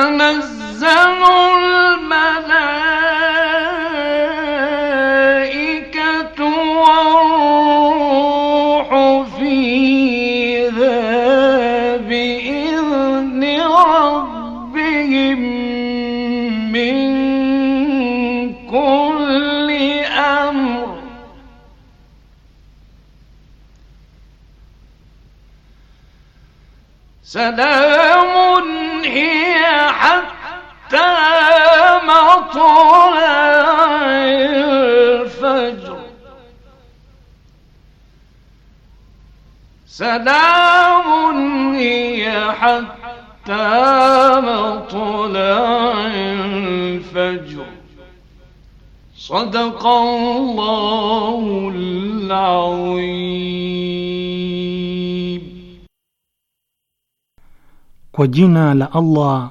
تتنزل الملائكة والروح فيها بإذن ربهم من كل أمر سلام هي حتى مطلع الفجر سلام هي حتى مطلع الفجر صدق الله العظيم Kwa jina la Allah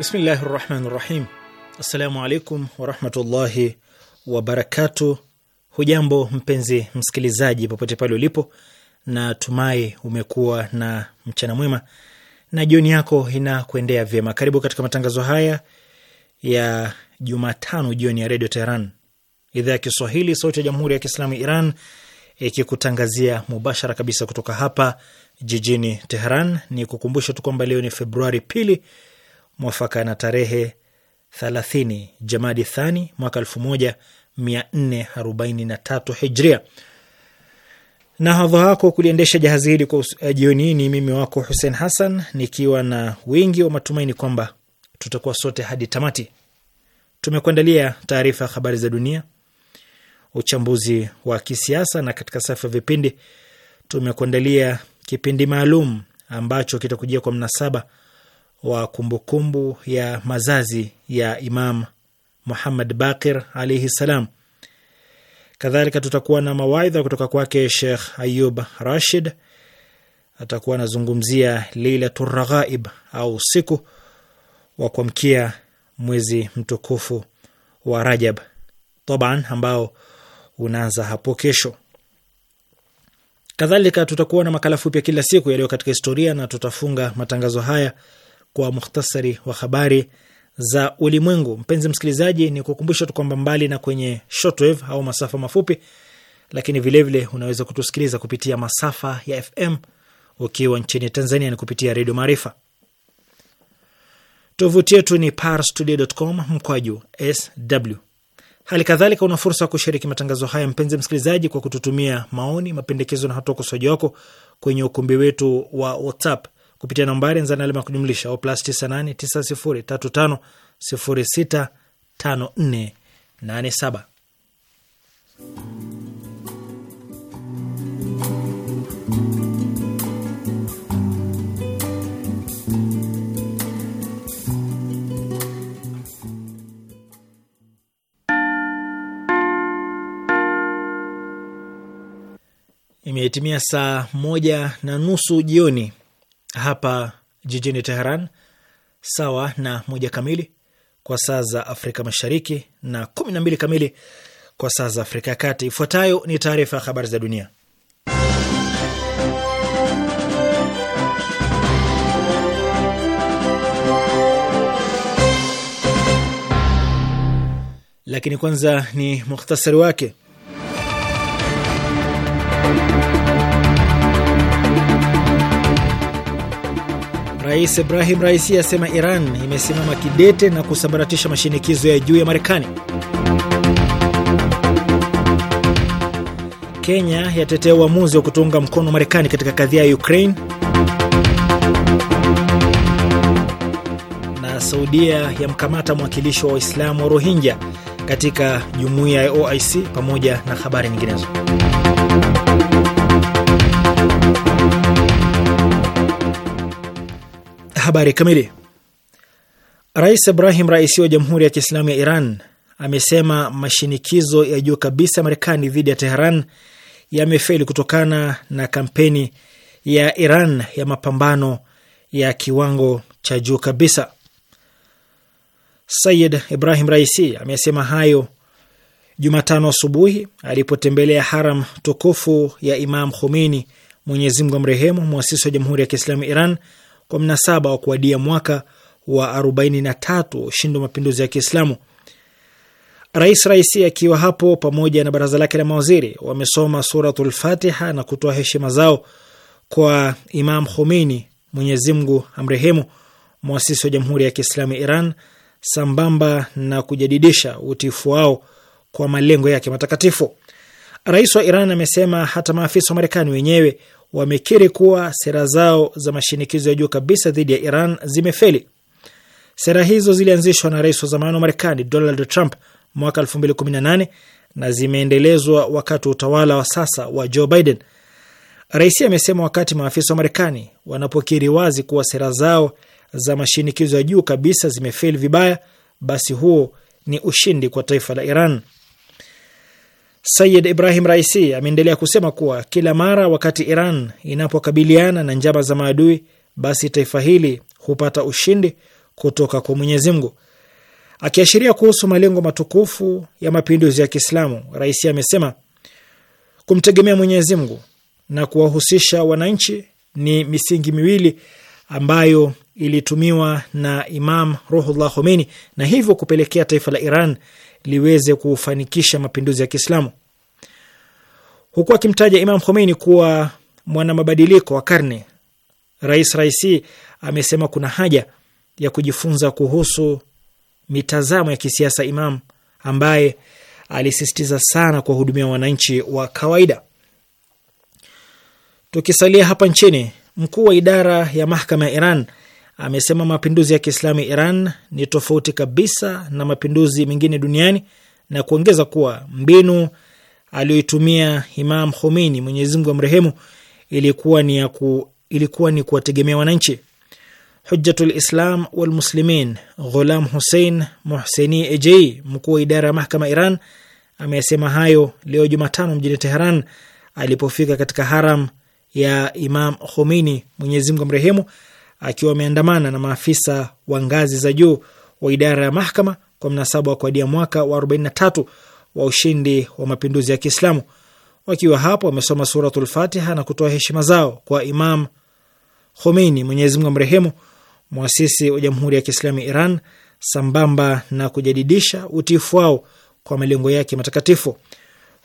Bismillahi rahmani rahim. Assalamu alaikum warahmatullahi wabarakatu. Hujambo mpenzi msikilizaji, popote pale ulipo, na tumai umekuwa na mchana mwema na jioni yako ina kuendea vyema. Karibu katika matangazo haya ya Jumatano jioni ya Redio Teheran, idhaa ya Kiswahili, sauti ya Jamhuri ya Kiislamu ya Iran, ikikutangazia mubashara kabisa kutoka hapa jijini Teheran. Ni kukumbusha tu kwamba leo ni Februari pili mwafaka na tarehe 30 Jamadi Thani mwaka 1443 Hijria. Na hadha wako kuliendesha jahazi hili kwa eh, jioni hii ni mimi wako Hussein Hassan, nikiwa na wingi wa matumaini kwamba tutakuwa sote hadi tamati. Tumekuandalia taarifa ya habari za dunia, uchambuzi wa kisiasa, na katika safu ya vipindi tumekuandalia kipindi maalum ambacho kitakujia kwa mnasaba wa kumbukumbu ya mazazi ya Imam Muhammad Baqir alaihi salam. Kadhalika tutakuwa na mawaidha kutoka kwake Shekh Ayub Rashid, atakuwa anazungumzia Leilatu Raghaib au usiku wa kuamkia mwezi mtukufu wa Rajab taban, ambao unaanza hapo kesho. Kadhalika tutakuwa na makala fupi ya kila siku yaliyo katika historia, na tutafunga matangazo haya kwa muhtasari wa habari za ulimwengu. Mpenzi msikilizaji, ni kukumbusha tu kwamba mbali na kwenye shortwave au masafa mafupi, lakini vilevile vile unaweza kutusikiliza kupitia masafa ya FM ukiwa nchini Tanzania ni kupitia Redio Maarifa. Tovuti yetu ni parstoday.com mkwaju sw. Hali kadhalika una fursa ya kushiriki matangazo haya, mpenzi msikilizaji, kwa kututumia maoni, mapendekezo na hata ukosoaji wako kwenye ukumbi wetu wa WhatsApp kupitia nambari nzani alama ya kujumlisha o plus 989035065487. Imetimia saa moja na nusu jioni hapa jijini Teheran, sawa na moja kamili kwa saa za Afrika Mashariki na kumi na mbili kamili kwa saa za Afrika ya Kati. Ifuatayo ni taarifa ya habari za dunia, lakini kwanza ni mukhtasari wake. Rais Ibrahim Raisi asema Iran imesimama kidete na kusambaratisha mashinikizo ya juu ya Marekani. Kenya yatetea uamuzi wa kutunga mkono Marekani katika kadhia ya Ukraine. Na Saudia yamkamata mwakilishi wa Waislamu wa Rohingya katika jumuiya ya OIC pamoja na habari nyinginezo. Habari kamili. Rais Ibrahim Raisi wa Jamhuri ya Kiislamu ya Iran amesema mashinikizo ya juu kabisa Marekani dhidi ya Teheran yamefeli kutokana na kampeni ya Iran ya mapambano ya kiwango cha juu kabisa. Sayid Ibrahim Raisi amesema hayo Jumatano asubuhi alipotembelea haram tukufu ya Imam Khomeini, Mwenyezi Mungu amrehemu, mwasisi wa Jamhuri ya Kiislamu Iran kwa mnasaba wa kuadia mwaka wa 43 ushindi wa mapinduzi ya Kiislamu. Rais Raisi akiwa hapo pamoja na baraza lake la mawaziri wamesoma Suratul Fatiha na kutoa heshima zao kwa Imam Khomeini, Mwenyezi Mungu amrehemu, mwasisi wa Jamhuri ya Kiislamu Iran, sambamba na kujadidisha utiifu wao kwa malengo yake matakatifu. Rais wa Iran amesema hata maafisa wa Marekani wenyewe wamekiri kuwa sera zao za mashinikizo ya juu kabisa dhidi ya Iran zimefeli. Sera hizo zilianzishwa na rais wa zamani wa Marekani Donald Trump mwaka 2018 na zimeendelezwa wakati wa utawala wa sasa wa Joe Biden. Rais amesema wakati maafisa wa Marekani wanapokiri wazi kuwa sera zao za mashinikizo ya juu kabisa zimefeli vibaya, basi huo ni ushindi kwa taifa la Iran. Sayid Ibrahim Raisi ameendelea kusema kuwa kila mara wakati Iran inapokabiliana na njama za maadui, basi taifa hili hupata ushindi kutoka kwa Mwenyezi Mungu. Akiashiria kuhusu malengo matukufu ya mapinduzi ya Kiislamu, Raisi amesema kumtegemea Mwenyezi Mungu na kuwahusisha wananchi ni misingi miwili ambayo ilitumiwa na Imam Ruhullah Khomeini na hivyo kupelekea taifa la Iran liweze kufanikisha mapinduzi ya Kiislamu, huku akimtaja Imam Khomeini kuwa mwana mabadiliko wa karne. Rais Raisi amesema kuna haja ya kujifunza kuhusu mitazamo ya kisiasa Imam ambaye alisisitiza sana kuwahudumia wananchi wa kawaida. Tukisalia hapa nchini, mkuu wa idara ya mahakama ya Iran amesema mapinduzi ya Kiislamu Iran ni tofauti kabisa na mapinduzi mengine duniani na kuongeza kuwa mbinu aliyoitumia Imam Khomeini, Mwenyezi Mungu amrehemu, ilikuwa ni ya ku, ilikuwa ni kuwategemea wananchi. Hujjatul Islam wal Muslimin Ghulam Hussein Mohseni Ejei, mkuu wa idara ya mahakama Iran, amesema hayo leo Jumatano mjini Teheran alipofika katika haram ya Imam Khomeini, Mwenyezi Mungu amrehemu akiwa ameandamana na maafisa wa ngazi za juu wa idara ya mahakama kwa mnasaba wa kuadia mwaka wa 43 wa ushindi wa mapinduzi ya Kiislamu. Wakiwa hapo, wamesoma Suratul Fatiha na kutoa heshima zao kwa Imam Khomeini, Mwenyezi Mungu amrehemu, mwasisi wa Jamhuri ya Kiislamu Iran, sambamba na kujadidisha utiifu wao kwa malengo yake matakatifu.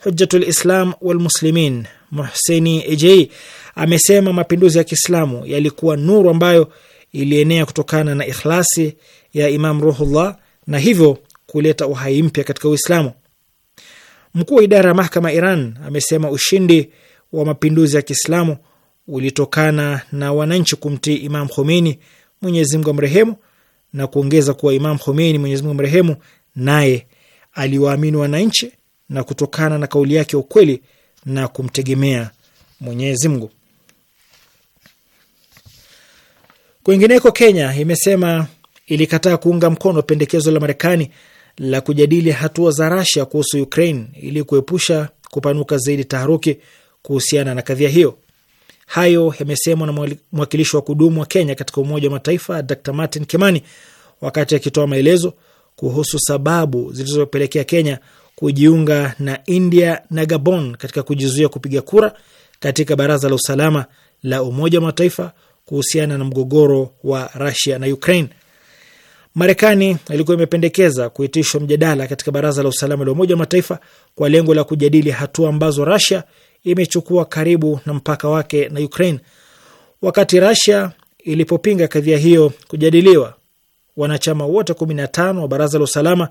Hujjatul Islam wal Muslimin Muhseni Ejei Amesema mapinduzi ya Kiislamu yalikuwa nuru ambayo ilienea kutokana na ikhlasi ya Imam Ruhullah na hivyo kuleta uhai mpya katika Uislamu. Mkuu wa idara ya mahakama Iran amesema ushindi wa mapinduzi ya Kiislamu ulitokana na wananchi kumtii Imam Khomeini, Mwenyezi Mungu amrehemu, na kuongeza kuwa Imam Khomeini, Mwenyezi Mungu amrehemu, naye aliwaamini wananchi na kutokana na kauli yake ukweli na kumtegemea Mwenyezi Mungu. Kwingineko, Kenya imesema ilikataa kuunga mkono pendekezo la Marekani la kujadili hatua za Rasia kuhusu Ukraine ili kuepusha kupanuka zaidi taharuki kuhusiana na kadhia hiyo. Hayo yamesemwa na mwakilishi wa kudumu wa Kenya katika Umoja wa Mataifa Dr Martin Kimani wakati akitoa maelezo kuhusu sababu zilizopelekea Kenya kujiunga na India na Gabon katika kujizuia kupiga kura katika Baraza la Usalama la Umoja wa Mataifa kuhusiana na mgogoro wa rasia na Ukraine. Marekani ilikuwa imependekeza kuitishwa mjadala katika Baraza la Usalama la Umoja wa Mataifa kwa lengo la kujadili hatua ambazo rasia imechukua karibu na mpaka wake na Ukraine. Wakati rasia ilipopinga kadhia hiyo kujadiliwa, wanachama wote 15 wa Baraza la Usalama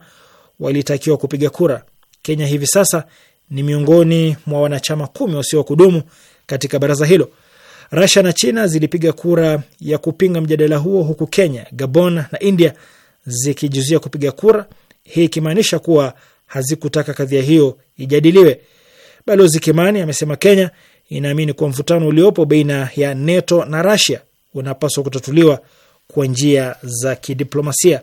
walitakiwa kupiga kura. Kenya hivi sasa ni miongoni mwa wanachama kumi wasio wa kudumu katika baraza hilo. Rasia na China zilipiga kura ya kupinga mjadala huo, huku Kenya, Gabon na India zikijizuia kupiga kura, hii ikimaanisha kuwa hazikutaka kadhia hiyo ijadiliwe. Balozi Kimani amesema Kenya inaamini kuwa mvutano uliopo baina ya NATO na Rasia unapaswa kutatuliwa kwa njia za kidiplomasia.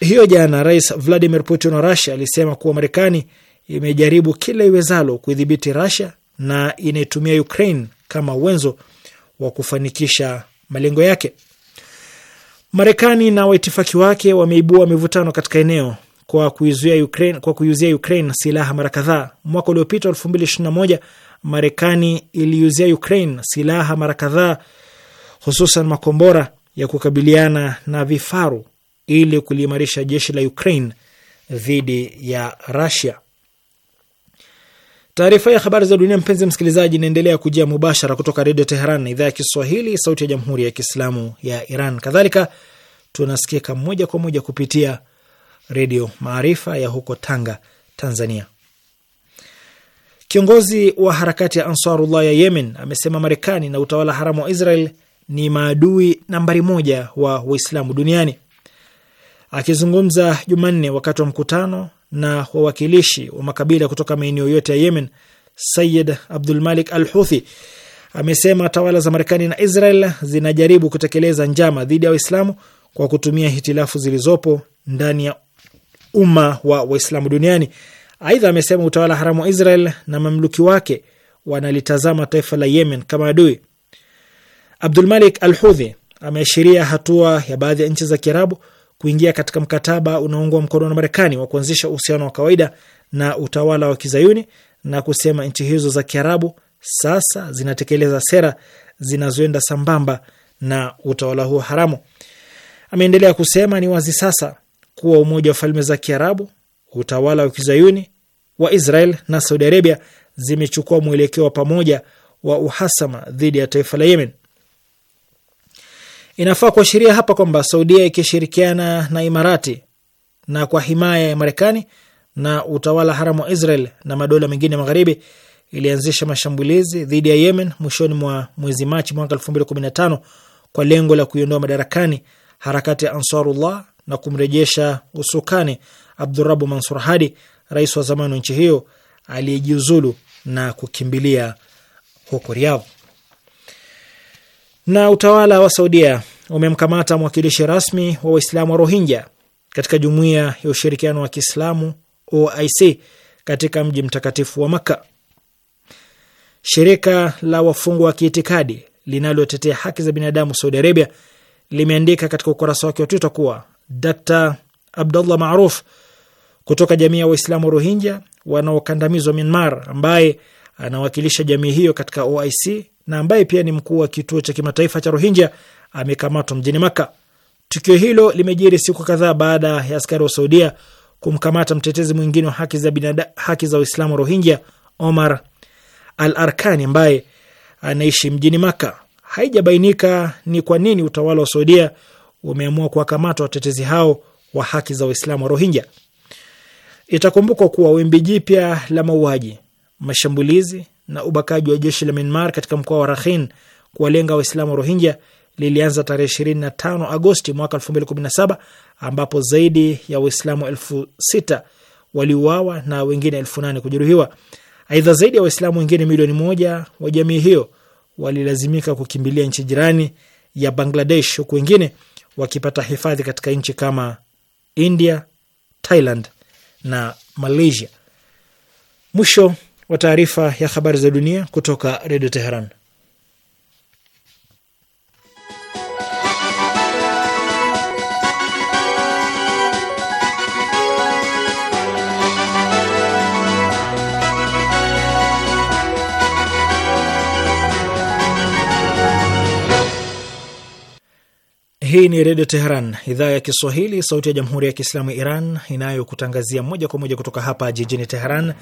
Hiyo jana, Rais Vladimir Putin wa Rasia alisema kuwa Marekani imejaribu kila iwezalo kuidhibiti Rasia na inaitumia Ukraine kama wenzo wa kufanikisha malengo yake. Marekani na waitifaki wake wameibua mivutano katika eneo kwa kuiuzia Ukraine, kwa kuiuzia Ukraine silaha mara kadhaa. Mwaka uliopita 2021 Marekani iliuzia Ukraine silaha mara kadhaa, hususan makombora ya kukabiliana na vifaru ili kuliimarisha jeshi la Ukraine dhidi ya Russia. Taarifa ya habari za dunia, mpenzi msikilizaji, inaendelea kujia mubashara kutoka Redio Teheran na idhaa ya Kiswahili, sauti ya jamhuri ya kiislamu ya Iran. Kadhalika tunasikika moja kwa moja kupitia Redio Maarifa ya huko Tanga, Tanzania. Kiongozi wa harakati ya Ansarullah ya Yemen amesema Marekani na utawala haramu wa Israel ni maadui nambari moja wa Waislamu duniani. Akizungumza Jumanne wakati wa mkutano na wawakilishi wa makabila kutoka maeneo yote ya Yemen, Sayid Abdul Malik Al Huthi amesema tawala za Marekani na Israel zinajaribu kutekeleza njama dhidi ya Waislamu kwa kutumia hitilafu zilizopo ndani ya umma wa Waislamu duniani. Aidha amesema utawala haramu wa Israel na mamluki wake wanalitazama taifa la Yemen kama adui. Abdulmalik Al huthi ameashiria hatua ya baadhi ya nchi za Kiarabu kuingia katika mkataba unaoungwa mkono na Marekani wa kuanzisha uhusiano wa kawaida na utawala wa kizayuni na kusema nchi hizo za Kiarabu sasa zinatekeleza sera zinazoenda sambamba na utawala huo haramu. Ameendelea kusema ni wazi sasa kuwa Umoja wa Falme za Kiarabu, utawala wa kizayuni wa Israel na Saudi Arabia zimechukua mwelekeo wa pamoja wa uhasama dhidi ya taifa la Yemen. Inafaa kuashiria hapa kwamba Saudia ikishirikiana na Imarati na kwa himaya ya Marekani na utawala haramu wa Israel na madola mengine magharibi ilianzisha mashambulizi dhidi ya Yemen mwishoni mwa mwezi Machi mwaka tano kwa lengo la kuiondoa madarakani harakati ya Ansarullah na kumrejesha usukani Abdurabu Mansur Hadi, rais wa zamani wa nchi hiyo aliyejiuzulu na kukimbilia huko Riyadh. Na utawala wa Saudia umemkamata mwakilishi rasmi wa Waislamu wa Rohingya katika Jumuiya ya Ushirikiano wa Kiislamu OIC katika mji mtakatifu wa Makka. Shirika la wafungwa wa kiitikadi linalotetea haki za binadamu Saudi Arabia limeandika katika ukurasa wake wa Twitter kuwa Dr Abdullah Maruf kutoka jamii ya Waislamu wa Rohingya wanaokandamizwa Myanmar, ambaye anawakilisha jamii hiyo katika OIC na ambaye pia ni mkuu wa kituo cha kimataifa cha Rohingya amekamatwa mjini Maka. Tukio hilo limejiri siku kadhaa baada ya askari wa Saudia kumkamata mtetezi mwingine wa haki za waislamu haki za Waislamu Rohingya, Omar Al Arkani ambaye anaishi mjini Maka. Haijabainika ni kwa nini utawala wa Saudia umeamua kuwakamata watetezi hao wa haki za Waislamu wa Rohingya. Itakumbukwa kuwa wimbi jipya la mauaji mashambulizi na ubakaji wa jeshi la Myanmar katika mkoa wa Rakhine kuwalenga Waislamu wa Rohingya lilianza tarehe 25 Agosti mwaka 2017 ambapo zaidi ya Waislamu elfu sita waliuawa na wengine elfu nane kujeruhiwa. Aidha, zaidi ya Waislamu wengine milioni moja wa jamii hiyo walilazimika kukimbilia nchi jirani ya Bangladesh, huku wengine wakipata hifadhi katika nchi kama India, Thailand na Malaysia. Mwisho wa taarifa ya habari za dunia kutoka Redio Teheran. Hii ni Redio Teheran, idhaa ya Kiswahili, sauti ya Jamhuri ya Kiislamu ya Iran, inayokutangazia moja kwa moja kutoka hapa jijini Teheran.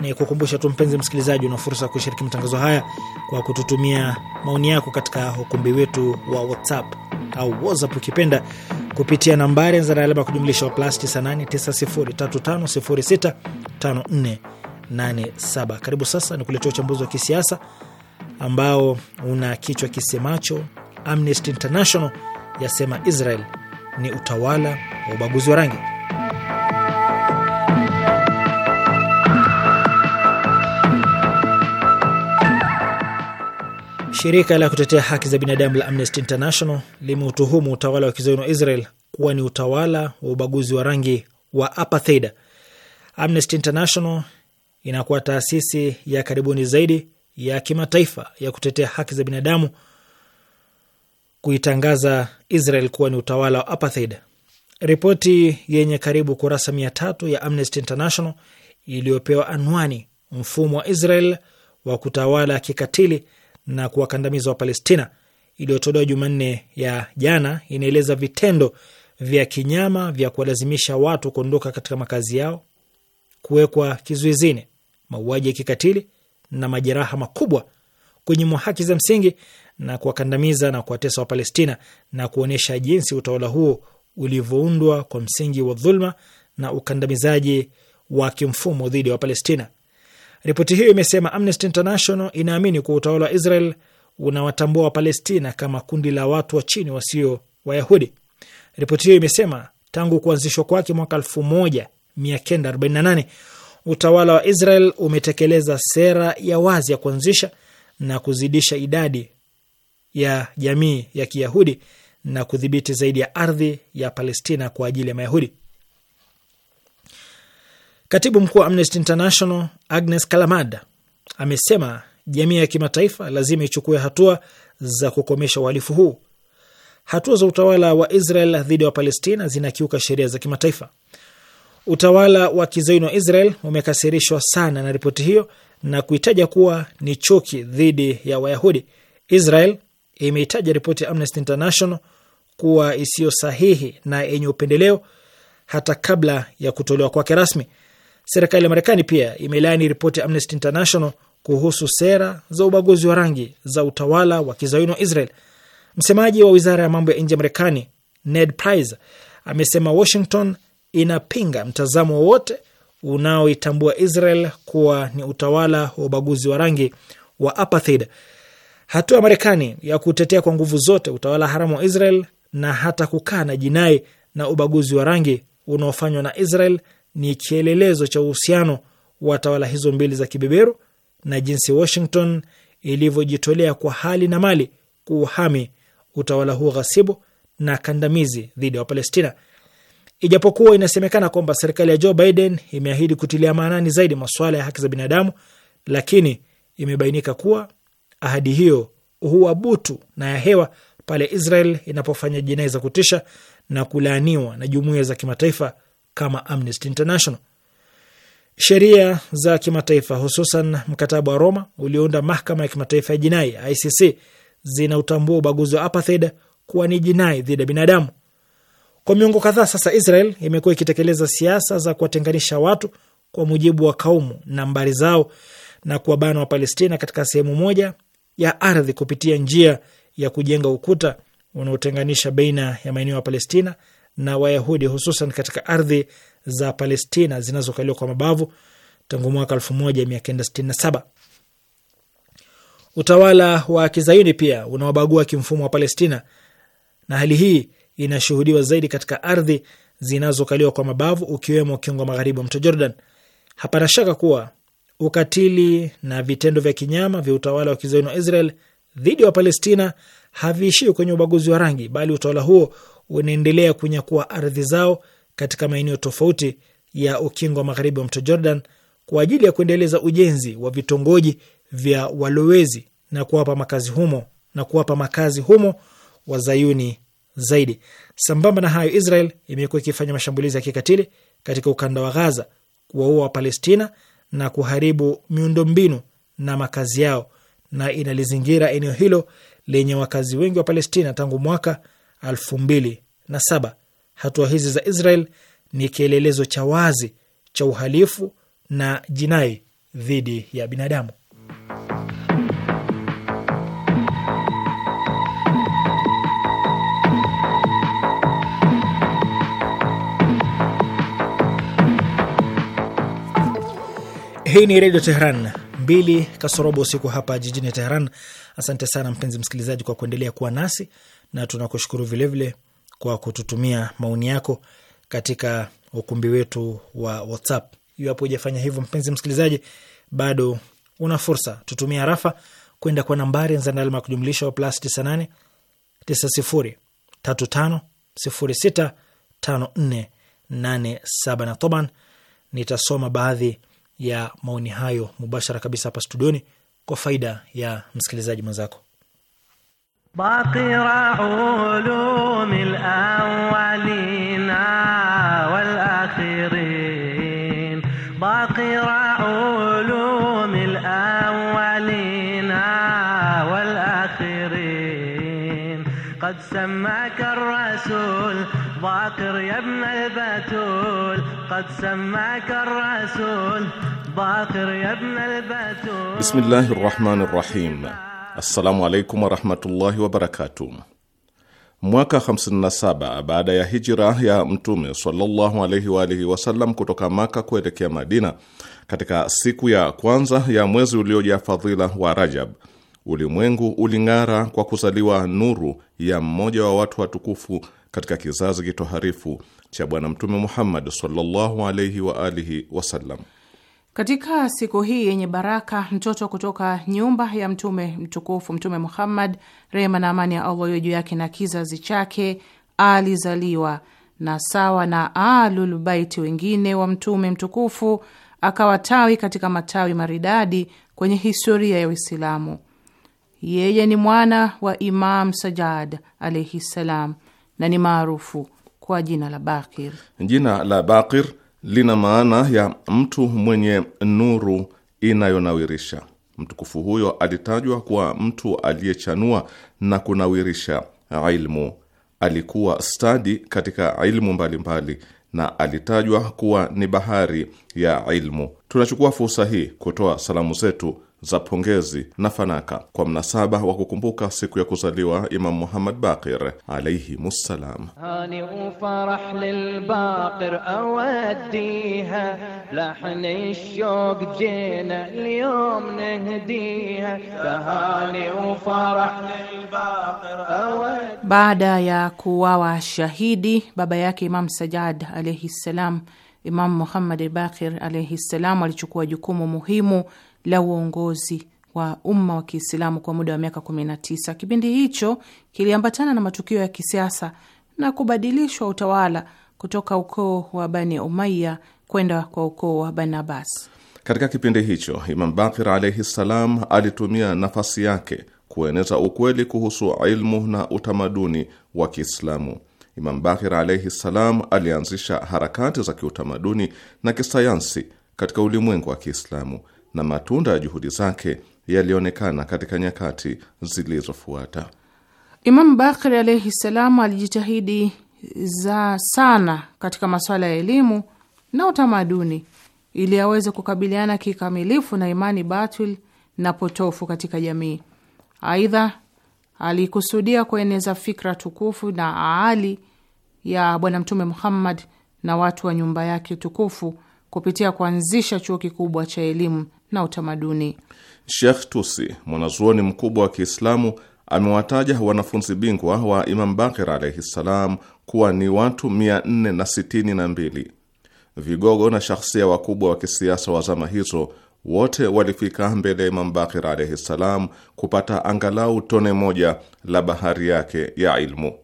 Ni kukumbusha tu mpenzi msikilizaji, una fursa ya kushiriki matangazo haya kwa kututumia maoni yako katika ukumbi wetu wa WhatsApp au WhatsApp ukipenda, kupitia nambari za alama ya kujumlisha wa plus 989035065487. Karibu sasa ni kuletea uchambuzi wa kisiasa ambao una kichwa kisemacho Amnesty International yasema Israel ni utawala wa ubaguzi wa rangi. Shirika la kutetea haki za binadamu la Amnesty International limeutuhumu utawala wa kizayuni wa Israel kuwa ni utawala wa ubaguzi wa rangi wa apartheid. Amnesty International inakuwa taasisi ya karibuni zaidi ya kimataifa ya kutetea haki za binadamu kuitangaza Israel kuwa ni utawala wa apartheid. Ripoti yenye karibu kurasa mia tatu ya Amnesty International iliyopewa anwani mfumo wa Israel wa kutawala kikatili na kuwakandamiza Wapalestina iliyotolewa Jumanne ya jana inaeleza vitendo vya kinyama vya kuwalazimisha watu kuondoka katika makazi yao, kuwekwa kizuizini, mauaji ya kikatili na majeraha makubwa kwenye haki za msingi na kuwakandamiza na kuwatesa Wapalestina na kuonyesha jinsi utawala huo ulivyoundwa kwa msingi wa dhulma na ukandamizaji wa kimfumo dhidi ya Wapalestina. Ripoti hiyo imesema Amnesty International inaamini kuwa utawala wa Israel unawatambua Wapalestina kama kundi la watu wa chini wasio Wayahudi. Ripoti hiyo imesema tangu kuanzishwa kwake mwaka 1948 utawala wa Israel umetekeleza sera ya wazi ya kuanzisha na kuzidisha idadi ya jamii ya Kiyahudi na kudhibiti zaidi ya ardhi ya Palestina kwa ajili ya Mayahudi. Katibu mkuu wa Amnesty International Agnes Kalamad amesema jamii ya kimataifa lazima ichukue hatua za kukomesha uhalifu huu. Hatua za utawala wa Israel dhidi ya Palestina zinakiuka sheria za kimataifa. Utawala wa kizayuni wa Israel umekasirishwa sana na ripoti hiyo na kuitaja kuwa ni chuki dhidi ya Wayahudi. Israel imeitaja ripoti ya Amnesty International kuwa isiyo sahihi na yenye upendeleo hata kabla ya kutolewa kwake rasmi. Serikali ya Marekani pia imelaani ripoti ya Amnesty International kuhusu sera za ubaguzi wa rangi za utawala wa kizayuni wa Israel. Msemaji wa wizara ya mambo ya nje ya Marekani Ned Price amesema Washington inapinga mtazamo wowote unaoitambua Israel kuwa ni utawala wa ubaguzi wa rangi wa apartheid. Hatua ya Marekani ya kutetea kwa nguvu zote utawala haramu wa Israel na hata kukaa na jinai na ubaguzi wa rangi unaofanywa na Israel ni kielelezo cha uhusiano wa tawala hizo mbili za kibeberu na jinsi Washington ilivyojitolea kwa hali na mali kuuhami utawala huo ghasibu na kandamizi dhidi ya Wapalestina. Ijapokuwa inasemekana kwamba serikali ya Joe Biden imeahidi kutilia maanani zaidi masuala ya haki za binadamu, lakini imebainika kuwa ahadi hiyo huwa butu na ya hewa pale Israel inapofanya jinai za kutisha na kulaaniwa na jumuiya za kimataifa kama Amnesty International. Sheria za kimataifa hususan mkataba wa Roma uliounda mahakama ya kimataifa ya jinai ICC zinautambua ubaguzi wa apartheid kuwa ni jinai dhidi ya binadamu. Kwa miongo kadhaa sasa, Israel imekuwa ikitekeleza siasa za kuwatenganisha watu kwa mujibu wa kaumu na mbari zao na kuwabana wa Palestina katika sehemu moja ya ardhi kupitia njia ya kujenga ukuta unaotenganisha baina ya maeneo ya Palestina na Wayahudi, hususan katika ardhi za Palestina zinazokaliwa kwa mabavu tangu mwaka 1967. Utawala wa kizayuni pia unawabagua kimfumo wa Palestina na hali hii inashuhudiwa zaidi katika ardhi zinazokaliwa kwa mabavu ukiwemo ukingo wa magharibi wa mto Jordan. Hapana shaka kuwa ukatili na vitendo vya kinyama vya utawala wa kizayuni wa Israel dhidi ya Wapalestina haviishii kwenye ubaguzi wa rangi, bali utawala huo unaendelea kunyakua ardhi zao katika maeneo tofauti ya ukingo wa magharibi wa mto Jordan kwa ajili ya kuendeleza ujenzi wa vitongoji vya walowezi na kuwapa makazi humo na kuwapa makazi humo wazayuni zaidi. Sambamba na hayo, Israel imekuwa ikifanya mashambulizi ya kikatili katika ukanda wa Gaza, kuwaua Wapalestina na kuharibu miundombinu na makazi yao, na inalizingira eneo hilo lenye wakazi wengi wa Palestina tangu mwaka elfu mbili na saba. Hatua hizi za Israel ni kielelezo cha wazi cha uhalifu na jinai dhidi ya binadamu. Hii ni Redio Teheran, mbili kasorobo usiku hapa jijini Teheran. Asante sana mpenzi msikilizaji kwa kuendelea kuwa nasi na tunakushukuru vilevile kwa kututumia maoni yako katika ukumbi wetu wa WhatsApp. Iwapo hujafanya hivyo, mpenzi msikilizaji, bado una fursa, tutumia rafa kwenda kwa nambari za alama ya kujumlisha wa plus 98 na toban. Nitasoma baadhi ya maoni hayo mubashara kabisa hapa studioni kwa faida ya msikilizaji mwenzako. Qad samaka ar-rasul Bismillahi rahmani rahim. Assalamu alaikum warahmatullahi wabarakatuh. Mwaka 57 baada ya hijra ya Mtume sallallahu alaihi wa alihi wasallam kutoka Maka kuelekea Madina, katika siku ya kwanza ya mwezi uliojaa fadhila wa Rajab, ulimwengu uling'ara kwa kuzaliwa nuru ya mmoja wa watu watukufu katika kizazi kitoharifu cha Bwana Mtume Muhammad sallallahu alaihi wa alihi wasallam. Katika siku hii yenye baraka, mtoto kutoka nyumba ya mtume mtukufu Mtume Muhammad, rehma na amani ya Allah iwe juu yake na kizazi chake, alizaliwa na sawa na alulbaiti wengine wa mtume mtukufu akawa tawi katika matawi maridadi kwenye historia ya Uislamu. Yeye ni mwana wa Imam Sajad alaihi ssalam, na ni maarufu kwa jina la Bakir. Jina la Bakir lina maana ya mtu mwenye nuru inayonawirisha. Mtukufu huyo alitajwa kuwa mtu aliyechanua na kunawirisha ilmu. Alikuwa stadi katika ilmu mbalimbali na alitajwa kuwa ni bahari ya ilmu. Tunachukua fursa hii kutoa salamu zetu za pongezi na fanaka kwa mnasaba wa kukumbuka siku ya kuzaliwa Imam Muhammad Baqir alayhi musalam. Baada ya kuwawa shahidi baba yake Imam Sajad alayhi salam, Imam Muhammad Baqir alayhi salam alichukua jukumu muhimu la uongozi wa umma wa Kiislamu kwa muda wa miaka 19. Kipindi hicho kiliambatana na matukio ya kisiasa na kubadilishwa utawala kutoka ukoo wa Bani Umaya kwenda kwa ukoo wa Bani Abbas. Katika kipindi hicho Imam Bakir alaihi ssalam alitumia nafasi yake kueneza ukweli kuhusu ilmu na utamaduni wa Kiislamu. Imam Bakir alaihi ssalam alianzisha harakati za kiutamaduni na kisayansi katika ulimwengu wa Kiislamu na matunda ya juhudi zake yalionekana katika nyakati zilizofuata. Imamu Bakri alaihi salamu alijitahidi za sana katika masuala ya elimu na utamaduni ili aweze kukabiliana kikamilifu na imani batil na potofu katika jamii. Aidha, alikusudia kueneza fikra tukufu na aali ya Bwana Mtume Muhammad na watu wa nyumba yake tukufu kupitia kuanzisha chuo kikubwa cha elimu na utamaduni. Sheikh Tusi, mwanazuoni mkubwa wa Kiislamu, amewataja wanafunzi bingwa wa Imam Bakir alaihi ssalam kuwa ni watu 462. Vigogo na shakhsia wakubwa wa kisiasa wa zama hizo wote walifika mbele ya Imam Bakir alaihi ssalam kupata angalau tone moja la bahari yake ya ilmu.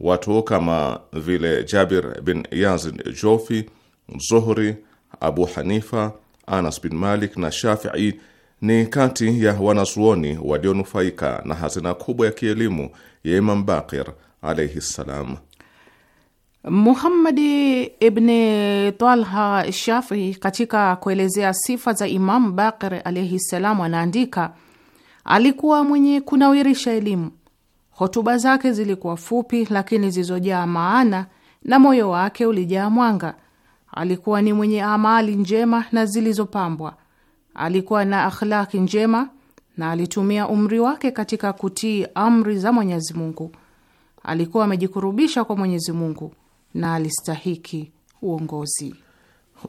Watu kama vile Jabir bin Yazid Jofi, Zuhri, Abu Hanifa, Anas bin Malik na Shafii ni kati ya wanazuoni walionufaika na hazina kubwa ya kielimu ya Imam Bakir alaihi ssalam. Muhammadi Ibni Talha Shafii katika kuelezea sifa za Imamu Bakir alaihi ssalam anaandika, alikuwa mwenye kunawirisha elimu. Hotuba zake zilikuwa fupi, lakini zilizojaa maana na moyo wake ulijaa mwanga alikuwa ni mwenye amali njema na zilizopambwa, alikuwa na akhlaki njema na alitumia umri wake katika kutii amri za Mwenyezi Mungu. Alikuwa amejikurubisha kwa Mwenyezi Mungu na alistahiki uongozi.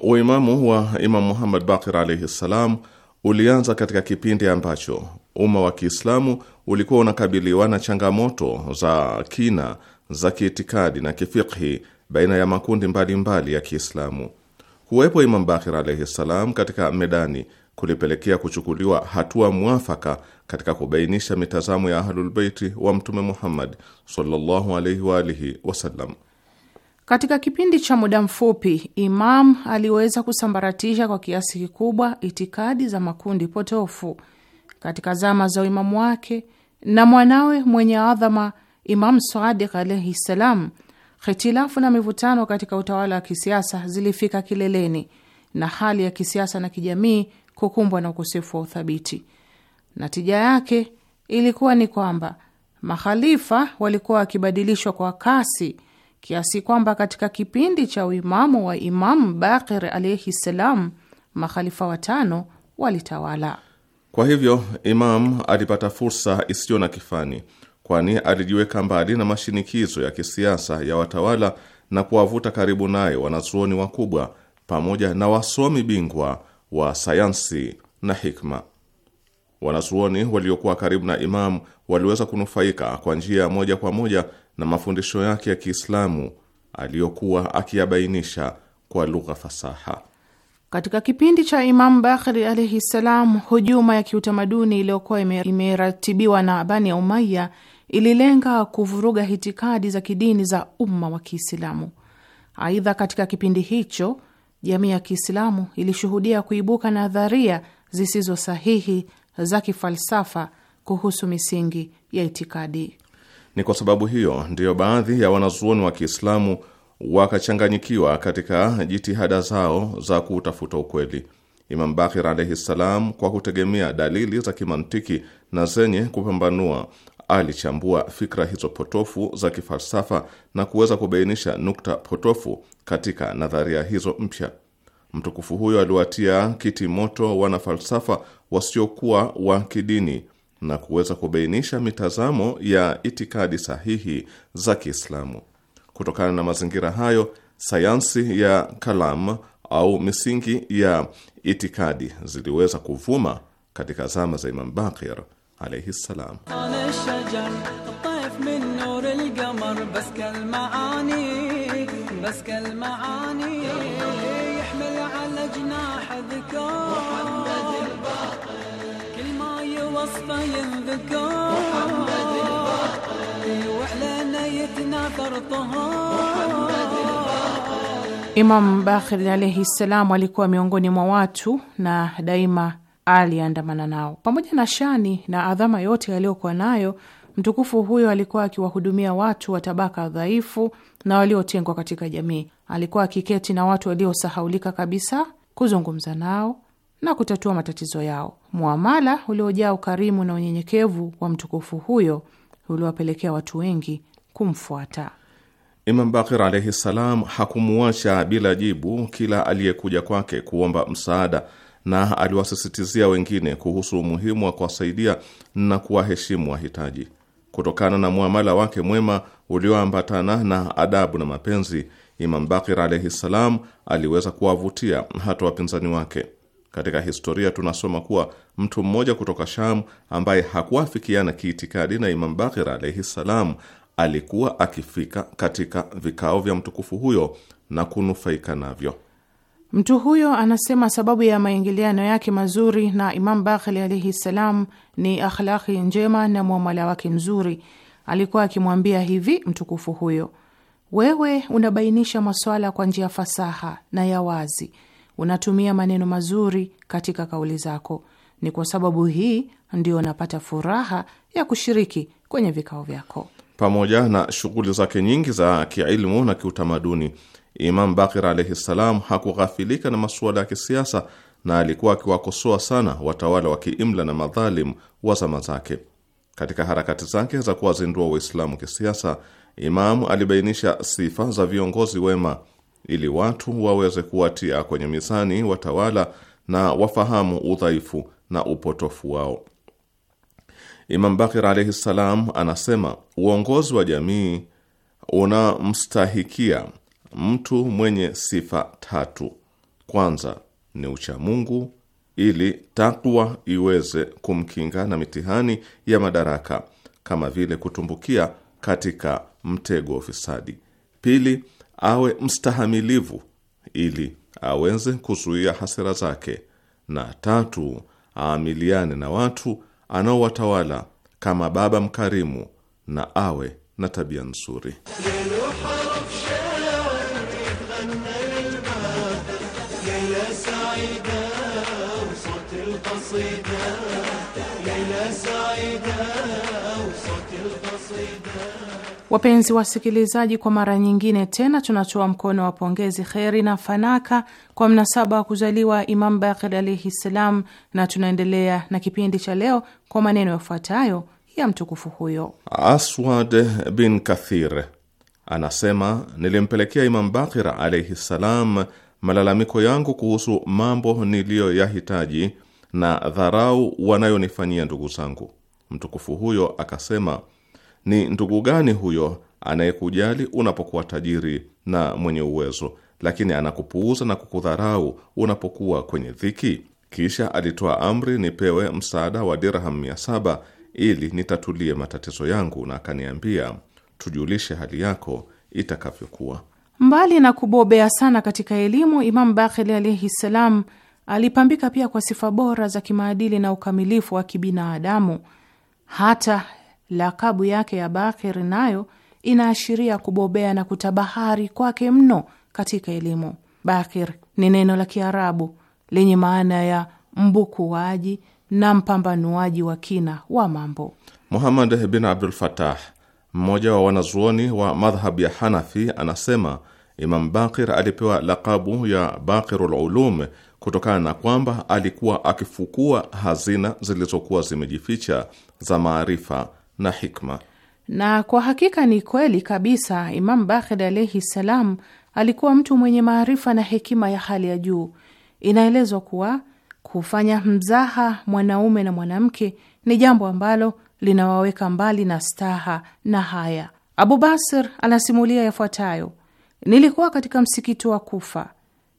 Uimamu wa Imamu Muhammad Bakir alaihi ssalam ulianza katika kipindi ambacho umma wa Kiislamu ulikuwa unakabiliwa na changamoto za kina za kiitikadi na kifikhi baina ya makundi mbalimbali mbali ya Kiislamu. Kuwepo Imam Bakir alaihi ssalam katika medani kulipelekea kuchukuliwa hatua mwafaka katika kubainisha mitazamo ya Ahlulbeiti wa Mtume Muhammad sallallahu alaihi wa alihi wasallam. Katika kipindi cha muda mfupi, Imam aliweza kusambaratisha kwa kiasi kikubwa itikadi za makundi potofu katika zama za uimamu wake, na mwanawe mwenye adhama Imam Sadik alaihi ssalam Hitilafu na mivutano katika utawala wa kisiasa zilifika kileleni na hali ya kisiasa na kijamii kukumbwa na ukosefu wa uthabiti. Natija yake ilikuwa ni kwamba mahalifa walikuwa wakibadilishwa kwa kasi kiasi kwamba katika kipindi cha uimamu wa Imamu Bakir alaihi ssalam mahalifa watano walitawala. Kwa hivyo, Imam alipata fursa isiyo na kifani kwani alijiweka mbali na mashinikizo ya kisiasa ya watawala na kuwavuta karibu naye wanazuoni wakubwa pamoja na wasomi bingwa wa sayansi na hikma. Wanazuoni waliokuwa karibu na Imamu waliweza kunufaika kwa njia ya moja kwa moja na mafundisho yake ya Kiislamu aliyokuwa akiyabainisha kwa lugha fasaha. Katika kipindi cha Imamu Bakhri alaihi ssalam, hujuma ya kiutamaduni iliyokuwa imeratibiwa na Bani ya Umaya ililenga kuvuruga hitikadi za kidini za umma wa Kiislamu. Aidha, katika kipindi hicho jamii ya Kiislamu ilishuhudia kuibuka nadharia zisizo sahihi za kifalsafa kuhusu misingi ya itikadi. Ni kwa sababu hiyo ndiyo baadhi ya wanazuoni wa Kiislamu wakachanganyikiwa katika jitihada zao za kuutafuta ukweli. Imam Bakir alaihi ssalam, kwa kutegemea dalili za kimantiki na zenye kupambanua, alichambua fikra hizo potofu za kifalsafa na kuweza kubainisha nukta potofu katika nadharia hizo mpya. Mtukufu huyo aliwatia kiti moto wana falsafa wasiokuwa wa kidini na kuweza kubainisha mitazamo ya itikadi sahihi za Kiislamu. Kutokana na mazingira hayo, sayansi ya kalam au misingi ya itikadi ziliweza kuvuma katika zama za Imam Bakir عليه السلام على الشجر الطيف من نور القمر بس كالمعاني بس كالمعاني يحمل على جناح ذكر محمد الباطل كل ما يوصفه ينذكر محمد الباقر وعلينا يتناثر طهور محمد الباقر إمام باخر عليه السلام alikuwa miongoni مواتو نا دايما aliandamana nao. Pamoja na shani na adhama yote aliyokuwa nayo, mtukufu huyo alikuwa akiwahudumia watu wa tabaka dhaifu na waliotengwa katika jamii. Alikuwa akiketi na watu waliosahaulika kabisa, kuzungumza nao na kutatua matatizo yao. mwamala uliojaa ukarimu na unyenyekevu wa mtukufu huyo uliwapelekea watu wengi kumfuata. Imam Bakir alaihi salam hakumuacha bila jibu kila aliyekuja kwake kuomba msaada na aliwasisitizia wengine kuhusu umuhimu wa kuwasaidia na kuwaheshimu wahitaji. Kutokana na muamala wake mwema ulioambatana na adabu na mapenzi, Imam Bakir alaihi ssalam aliweza kuwavutia hata wapinzani wake. Katika historia tunasoma kuwa mtu mmoja kutoka Sham ambaye hakuafikiana kiitikadi na Imam Bakir alaihi ssalam alikuwa akifika katika vikao vya mtukufu huyo na kunufaika navyo. Mtu huyo anasema sababu ya maingiliano yake mazuri na Imam Bakhli alaihi ssalam ni akhlaki njema na mwamala wake mzuri. Alikuwa akimwambia hivi mtukufu huyo, wewe unabainisha maswala kwa njia fasaha na ya wazi, unatumia maneno mazuri katika kauli zako. Ni kwa sababu hii ndio unapata furaha ya kushiriki kwenye vikao vyako. Pamoja na shughuli zake nyingi za kiilmu na kiutamaduni Imam Bakir alaihi ssalam hakughafilika na masuala ya kisiasa na alikuwa akiwakosoa sana watawala wa kiimla na madhalim wa zama zake. Katika harakati zake za kuwazindua Waislamu kisiasa, Imamu alibainisha sifa za viongozi wema ili watu waweze kuwatia kwenye mizani watawala na wafahamu udhaifu na upotofu wao. Imam Bakir alaihi ssalam anasema uongozi wa jamii unamstahikia mtu mwenye sifa tatu. Kwanza ni uchamungu, ili takwa iweze kumkinga na mitihani ya madaraka kama vile kutumbukia katika mtego wa ufisadi. Pili, awe mstahamilivu ili aweze kuzuia hasira zake, na tatu, aamiliane na watu anaowatawala kama baba mkarimu na awe na tabia nzuri. Wapenzi wasikilizaji, kwa mara nyingine tena tunatoa mkono wa pongezi, kheri na fanaka kwa mnasaba wa kuzaliwa Imam Bakir alaihi ssalam, na tunaendelea na kipindi cha leo kwa maneno yafuatayo ya mtukufu huyo. Aswad bin Kathir anasema nilimpelekea Imam Bakir alaihi ssalam malalamiko yangu kuhusu mambo niliyoyahitaji na dharau wanayonifanyia ndugu zangu. Mtukufu huyo akasema ni ndugu gani huyo anayekujali unapokuwa tajiri na mwenye uwezo, lakini anakupuuza na kukudharau unapokuwa kwenye dhiki? Kisha alitoa amri nipewe msaada wa dirham mia saba ili nitatulie matatizo yangu, na akaniambia, tujulishe hali yako itakavyokuwa. Mbali na kubobea sana katika elimu, Imamu Bakhili alaihi ssalam alipambika pia kwa sifa bora za kimaadili na ukamilifu wa kibinadamu. Hata Lakabu yake ya Bakir nayo inaashiria kubobea na kutabahari kwake mno katika elimu. Bakir ni neno la Kiarabu lenye maana ya mbukuaji na mpambanuaji wa kina wa mambo. Muhammad bin Abdul Fatah, mmoja wa wanazuoni wa madhhabu ya Hanafi, anasema Imam Bakir alipewa lakabu ya Bakirul Ulum kutokana na kwamba alikuwa akifukua hazina zilizokuwa zimejificha za maarifa na hikma. Na kwa hakika ni kweli kabisa, Imam Bakir alaihi salam alikuwa mtu mwenye maarifa na hekima ya hali ya juu. Inaelezwa kuwa kufanya mzaha mwanaume na mwanamke ni jambo ambalo linawaweka mbali na staha na haya. Abu Basir anasimulia yafuatayo: nilikuwa katika msikiti wa Kufa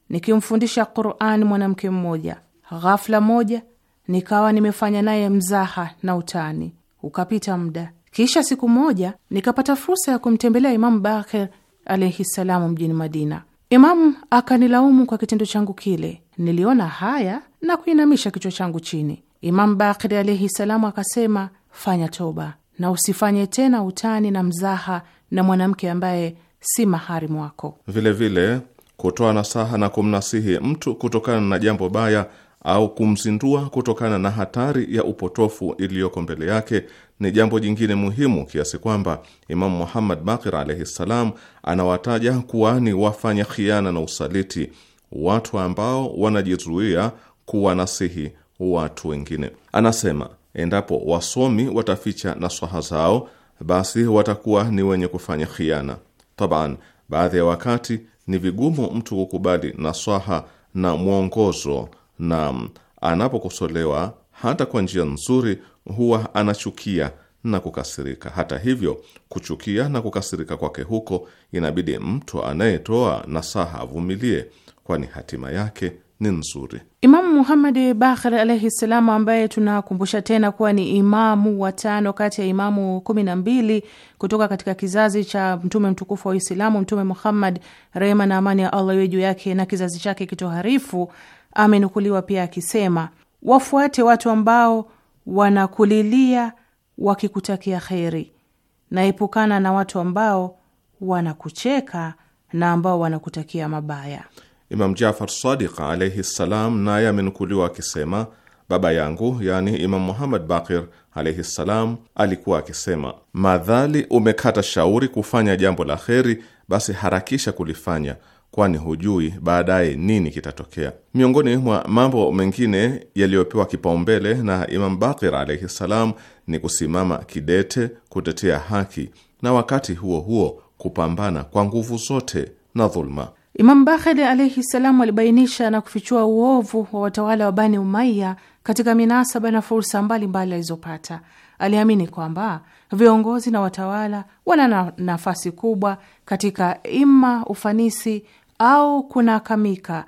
nikimfundisha Quran mwanamke mmoja. Ghafla moja nikawa nimefanya naye mzaha na utani. Ukapita muda, kisha siku moja nikapata fursa ya kumtembelea Imamu Bakir alaihi salamu mjini Madina. Imamu akanilaumu kwa kitendo changu kile. Niliona haya na kuinamisha kichwa changu chini. Imamu Bakir alaihi salamu akasema, fanya toba na usifanye tena utani na mzaha na mwanamke ambaye si maharimu wako. Vilevile kutoa nasaha na kumnasihi mtu kutokana na jambo baya au kumzindua kutokana na hatari ya upotofu iliyoko mbele yake ni jambo jingine muhimu kiasi kwamba Imamu Muhammad Bakir alaihi ssalam anawataja kuwa ni wafanya khiana na usaliti, watu ambao wanajizuia kuwanasihi watu wengine. Anasema endapo wasomi wataficha nasaha zao, basi watakuwa ni wenye kufanya khiana. Taban, baadhi ya wakati ni vigumu mtu kukubali nasaha na mwongozo na anapokosolewa hata kwa njia nzuri huwa anachukia na kukasirika. Hata hivyo, kuchukia na kukasirika kwake huko inabidi mtu anayetoa nasaha avumilie, kwani hatima yake ni nzuri. Imamu Muhamadi Bakir alaihi ssalamu, ambaye tunakumbusha tena kuwa ni imamu wa tano kati ya imamu kumi na mbili kutoka katika kizazi cha mtume mtukufu wa Uislamu, Mtume Muhammad, rehema na amani ya Allah iwe juu yake na kizazi chake kitoharifu, amenukuliwa pia akisema, wafuate watu ambao wanakulilia wakikutakia kheri, na epukana na watu ambao wanakucheka na ambao wanakutakia mabaya. Imam Jafar Sadiq alaihi ssalam naye amenukuliwa akisema baba yangu yaani Imam Muhammad Bakir alaihi ssalam alikuwa akisema, madhali umekata shauri kufanya jambo la kheri, basi harakisha kulifanya kwani hujui baadaye nini kitatokea. Miongoni mwa mambo mengine yaliyopewa kipaumbele na Imam Bakir alaihi ssalam ni kusimama kidete kutetea haki na wakati huo huo kupambana kwa nguvu zote na dhuluma. Imam Bakheli alaihi ssalam alibainisha na kufichua uovu wa watawala wa Bani Umaya katika minasaba na fursa mbalimbali alizopata. Aliamini kwamba viongozi na watawala wana nafasi kubwa katika ima ufanisi au kunakamika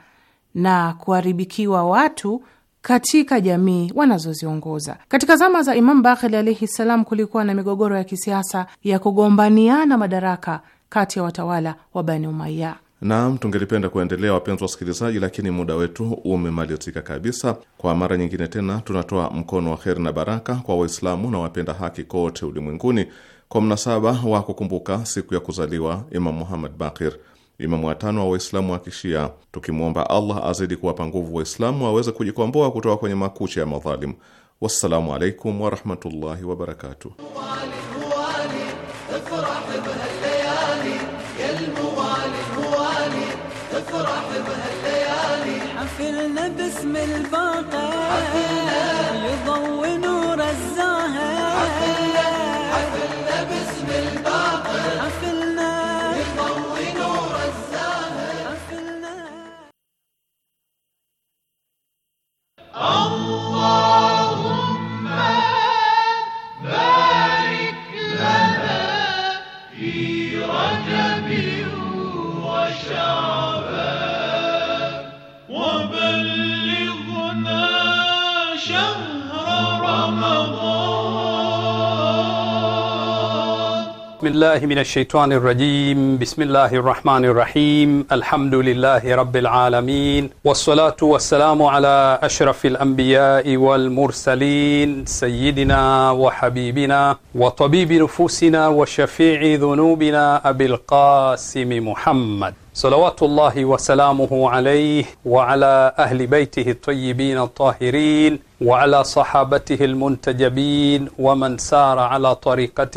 na kuharibikiwa watu katika jamii wanazoziongoza. Katika zama za Imamu Bakheli alaihi ssalam, kulikuwa na migogoro ya kisiasa ya kugombaniana madaraka kati ya watawala wa Bani Umaya. Naam, tungelipenda kuendelea wapenzi wasikilizaji, lakini muda wetu umemalizika kabisa. Kwa mara nyingine tena, tunatoa mkono wa heri na baraka kwa Waislamu na wapenda haki kote ulimwenguni kwa mnasaba wa kukumbuka siku ya kuzaliwa Imam Muhammad Bakir, imamu watano wa Waislamu wa Kishia, tukimwomba Allah azidi kuwapa nguvu Waislamu waweze kujikomboa kutoka kwenye makucha ya madhalimu. Wassalamu alaikum warahmatullahi wabarakatuh. بالباقي يضوي نور الزاهر حفلنا حفلنا باسم الباقي حفلنا يضوي نور الزاهر حفلنا اللهم بارك لنا في رجب وشعب شهر رمضان بسم الله من الشيطان الرجيم بسم الله الرحمن الرحيم الحمد لله رب العالمين والصلاة والسلام على أشرف الأنبياء والمرسلين سيدنا وحبيبنا وطبيب نفوسنا وشفيع ذنوبنا أبي القاسم محمد صلوات الله وسلامه عليه وعلى ahli بيته الطيبين الطاهرين وعلى صحابته المنتجبين ومن سار على sara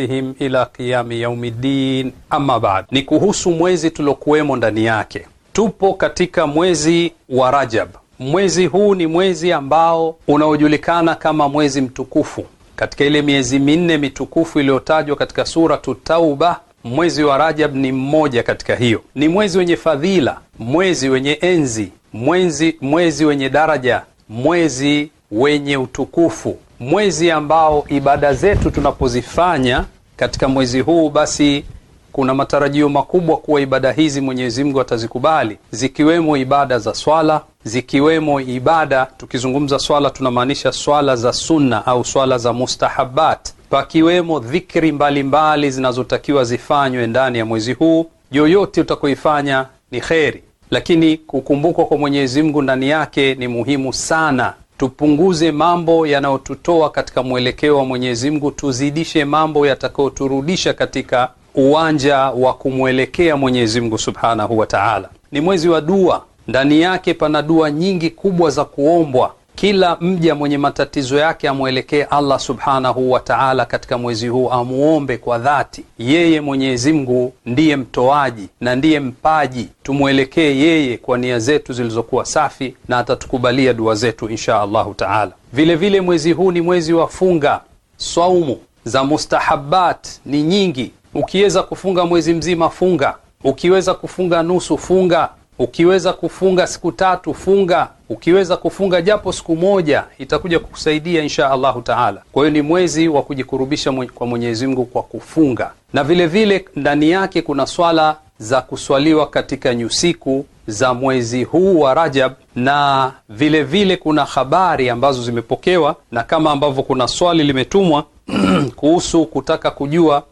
ala قيام يوم الدين yaumiddin. بعد baad, ni kuhusu mwezi tuliokuwemo ndani yake. Tupo katika mwezi wa Rajab. Mwezi huu ni mwezi ambao unaojulikana kama mwezi mtukufu katika ile miezi minne mitukufu iliyotajwa katika Suratu Tauba Mwezi wa Rajab ni mmoja katika hiyo. Ni mwezi wenye fadhila, mwezi wenye enzi, mwezi, mwezi wenye daraja, mwezi wenye utukufu, mwezi ambao ibada zetu tunapozifanya katika mwezi huu, basi kuna matarajio makubwa kuwa ibada hizi Mwenyezi Mungu atazikubali, zikiwemo ibada za swala, zikiwemo ibada. Tukizungumza swala, tunamaanisha swala za sunna au swala za mustahabat, pakiwemo dhikri mbalimbali zinazotakiwa zifanywe ndani ya mwezi huu. Yoyote utakoifanya ni kheri, lakini kukumbukwa kwa Mwenyezi Mungu ndani yake ni muhimu sana. Tupunguze mambo yanayotutoa katika mwelekeo wa Mwenyezi Mungu, tuzidishe mambo yatakayoturudisha katika uwanja wa kumwelekea Mwenyezi Mungu subhanahu wa taala. Ni mwezi wa dua ndani yake pana dua nyingi kubwa za kuombwa. Kila mja mwenye matatizo yake amwelekee Allah subhanahu wa taala katika mwezi huu, amuombe kwa dhati. Yeye Mwenyezi Mungu ndiye mtoaji na ndiye mpaji. Tumwelekee yeye kwa nia zetu zilizokuwa safi, na atatukubalia dua zetu insha allahu taala. Vilevile mwezi huu ni mwezi wa funga, swaumu za mustahabat ni nyingi. Ukiweza kufunga mwezi mzima funga, ukiweza kufunga nusu funga Ukiweza kufunga siku tatu funga, ukiweza kufunga japo siku moja itakuja kukusaidia insha Allahu taala. Kwa hiyo ni mwezi wa kujikurubisha kwa Mwenyezi Mungu kwa kufunga, na ndani vile ndani yake kuna swala za kuswaliwa katika nyusiku za mwezi huu wa Rajab, na vilevile vile kuna habari ambazo zimepokewa na kama ambavyo kuna swali limetumwa kuhusu kutaka kujua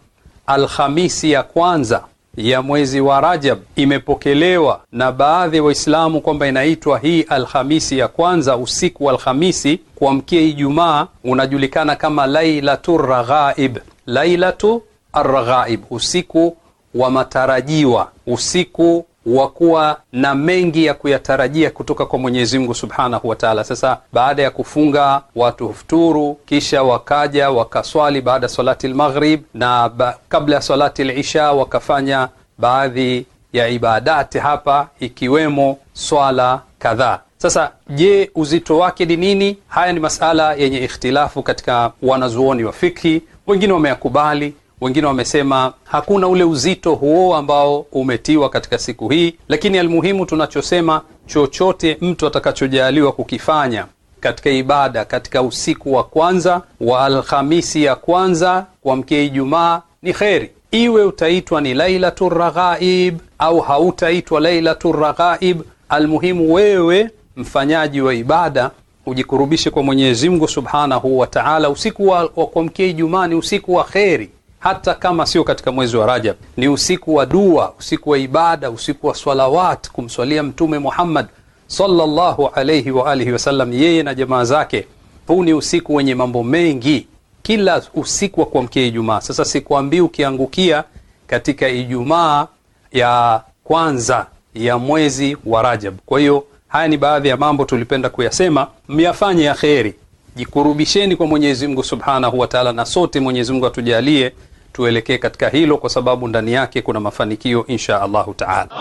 Alhamisi ya kwanza ya mwezi wa Rajab imepokelewa na baadhi ya wa Waislamu kwamba inaitwa hii Alhamisi ya kwanza, usiku wa Alhamisi kuamkia Ijumaa unajulikana kama Lailatu Raghaib, Lailatu Arghaib, usiku wa matarajiwa, usiku wa kuwa na mengi ya kuyatarajia kutoka kwa Mwenyezi Mungu Subhanahu wa Ta'ala. Sasa baada ya kufunga watu hufuturu, kisha wakaja wakaswali baada ya salati al-maghrib na ba, kabla ya salati al-isha wakafanya baadhi ya ibadati hapa ikiwemo swala kadhaa. Sasa je, uzito wake ni nini? Haya ni masala yenye ikhtilafu katika wanazuoni wa fikhi, wengine wameyakubali wengine wamesema hakuna ule uzito huo ambao umetiwa katika siku hii, lakini almuhimu tunachosema, chochote mtu atakachojaaliwa kukifanya katika ibada katika usiku wa kwanza wa Alhamisi ya kwanza kuamkia Ijumaa ni kheri, iwe utaitwa ni Lailatu Raghaib au hautaitwa Lailatu Raghaib. Almuhimu wewe mfanyaji wa ibada ujikurubishe kwa Mwenyezi Mungu subhanahu wa taala. Usiku wa kuamkia Ijumaa ni usiku wa kheri hata kama sio katika mwezi wa Rajab, ni usiku wa dua, usiku wa ibada, usiku wa salawat, kumswalia Mtume Muhammad sallallahu alayhi wa alihi wasallam, yeye na jamaa zake. Huu ni usiku wenye mambo mengi, kila usiku wa kuamkia Ijumaa. Sasa sikuambii ukiangukia katika Ijumaa ya kwanza ya mwezi wa Rajab. Kwa hiyo haya ni baadhi ya mambo tulipenda kuyasema, myafanye ya kheri, jikurubisheni kwa Mwenyezi Mungu subhanahu wa taala, na sote Mwenyezi Mungu atujalie tuelekee katika hilo, kwa sababu ndani yake kuna mafanikio insha Allahu taala.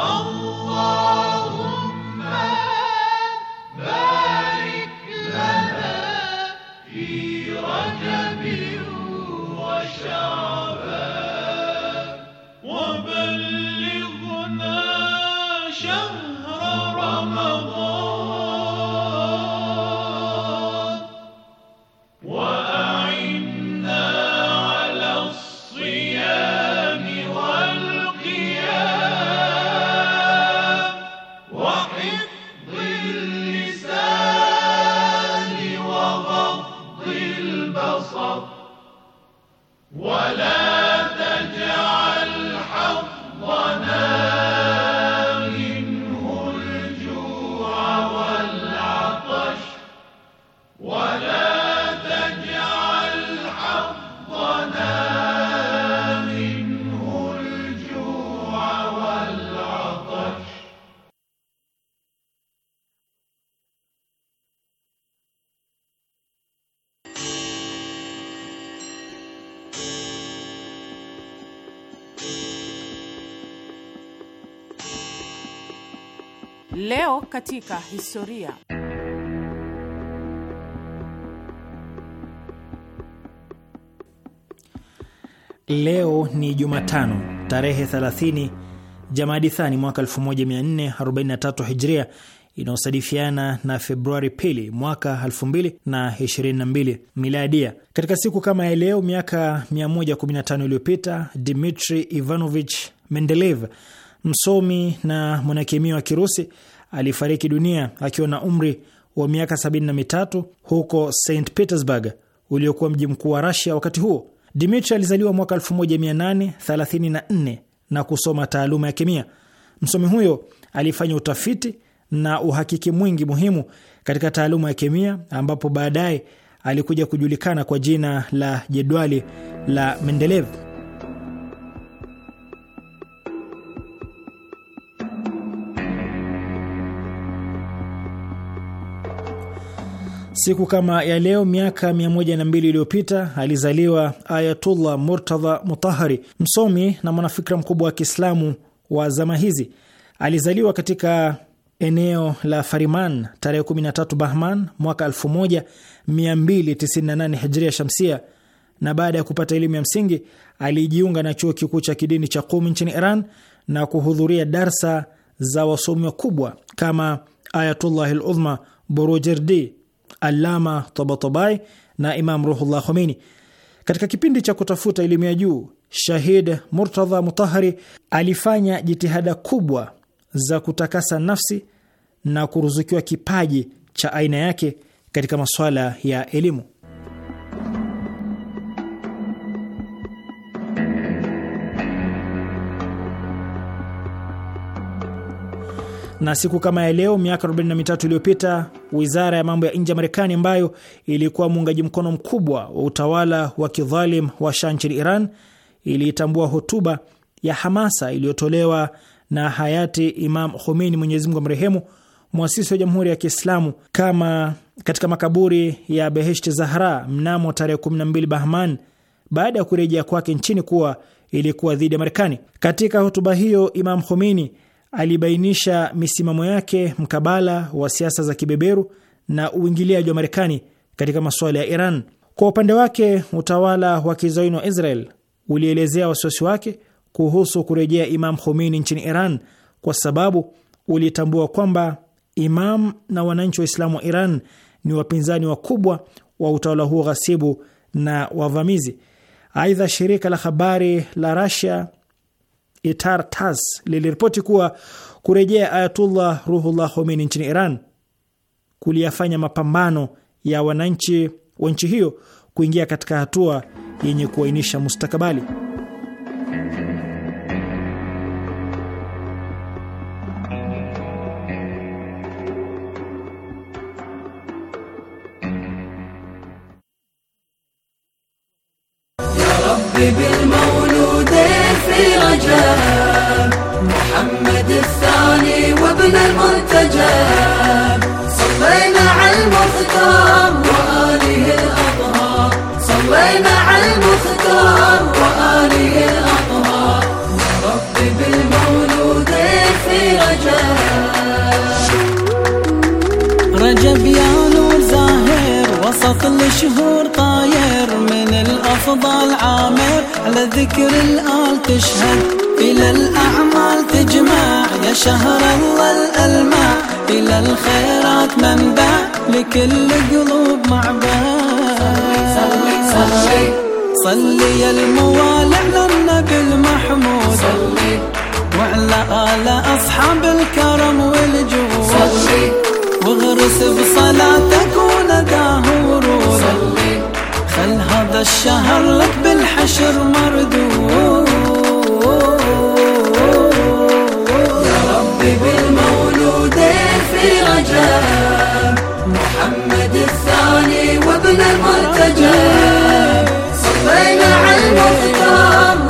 Leo katika historia. Leo ni Jumatano tarehe 30 Jamadi Thani mwaka 1443 Hijria inayosadifiana na Februari pili mwaka 2022 miladia. Katika siku kama ya leo miaka 115 iliyopita Dmitri Ivanovich Mendeleev msomi na mwanakemia wa Kirusi alifariki dunia akiwa na umri wa miaka 73 huko St Petersburg uliokuwa mji mkuu wa Rasia wakati huo. Dmitri alizaliwa mwaka 1834 na kusoma taaluma ya kemia. Msomi huyo alifanya utafiti na uhakiki mwingi muhimu katika taaluma ya kemia, ambapo baadaye alikuja kujulikana kwa jina la jedwali la Mendeleev. Siku kama ya leo miaka 102 iliyopita alizaliwa Ayatullah Murtadha Mutahari, msomi na mwanafikra mkubwa wa Kiislamu wa zama hizi. Alizaliwa katika eneo la Fariman tarehe 13 Bahman mwaka 1298 Hijria Shamsia, na baada ya kupata elimu ya msingi alijiunga na chuo kikuu cha kidini cha qumi nchini Iran na kuhudhuria darsa za wasomi wakubwa kama Ayatullah al-Uzma Borujerdi Alama Tabatabai na Imam Ruhullah Khomeini. Katika kipindi cha kutafuta elimu ya juu, Shahid Murtadha Mutahari alifanya jitihada kubwa za kutakasa nafsi na kuruzukiwa kipaji cha aina yake katika masuala ya elimu. Na siku kama ya leo miaka 43 iliyopita, wizara ya mambo ya nje ya Marekani ambayo ilikuwa muungaji mkono mkubwa wa utawala wa kidhalim wa Shah nchini Iran iliitambua hotuba ya hamasa iliyotolewa na hayati Imam Khomeini, Mwenyezi Mungu amrehemu, mwasisi wa Jamhuri ya Kiislamu kama katika makaburi ya Beheshti Zahra mnamo tarehe 12 Bahman baada ya kurejea kwake nchini kuwa ilikuwa dhidi ya Marekani. Katika hotuba hiyo Imam Khomeini alibainisha misimamo yake mkabala wa siasa za kibeberu na uingiliaji wa Marekani katika masuala ya Iran. Kwa upande wake, utawala wa kizayuni wa Israel ulielezea wasiwasi wake kuhusu kurejea Imam Khomeini nchini Iran kwa sababu ulitambua kwamba Imam na wananchi wa islamu wa Iran ni wapinzani wakubwa wa utawala huo ghasibu na wavamizi. Aidha, shirika la habari la Rasia Itar Tas liliripoti kuwa kurejea Ayatullah Ruhullah Khomeini nchini Iran kuliyafanya mapambano ya wananchi wa nchi hiyo kuingia katika hatua yenye kuainisha mustakabali. علينا المنتجب صلينا على المختار وآله الأطهار صلينا على المختار وآله الأطهار يا رب بالمولود في رجب رجب يا نور زاهر وسط الشهور طاير من الأفضل عامر على ذكر الآل تشهد إلى الأعمال تجمع يا شهر الله الألمع إلى الخيرات منبع لكل قلوب معبع صلي صلي صلي يا الموالى على النبي المحمود صلي وعلى آل أصحاب الكرم والجود صلي واغرس بصلاتك ونداه ورود صلي خل هذا الشهر لك بالحشر مردود حبيب المولودين في رجب محمد الثاني وابن المرتجب صلينا على المختار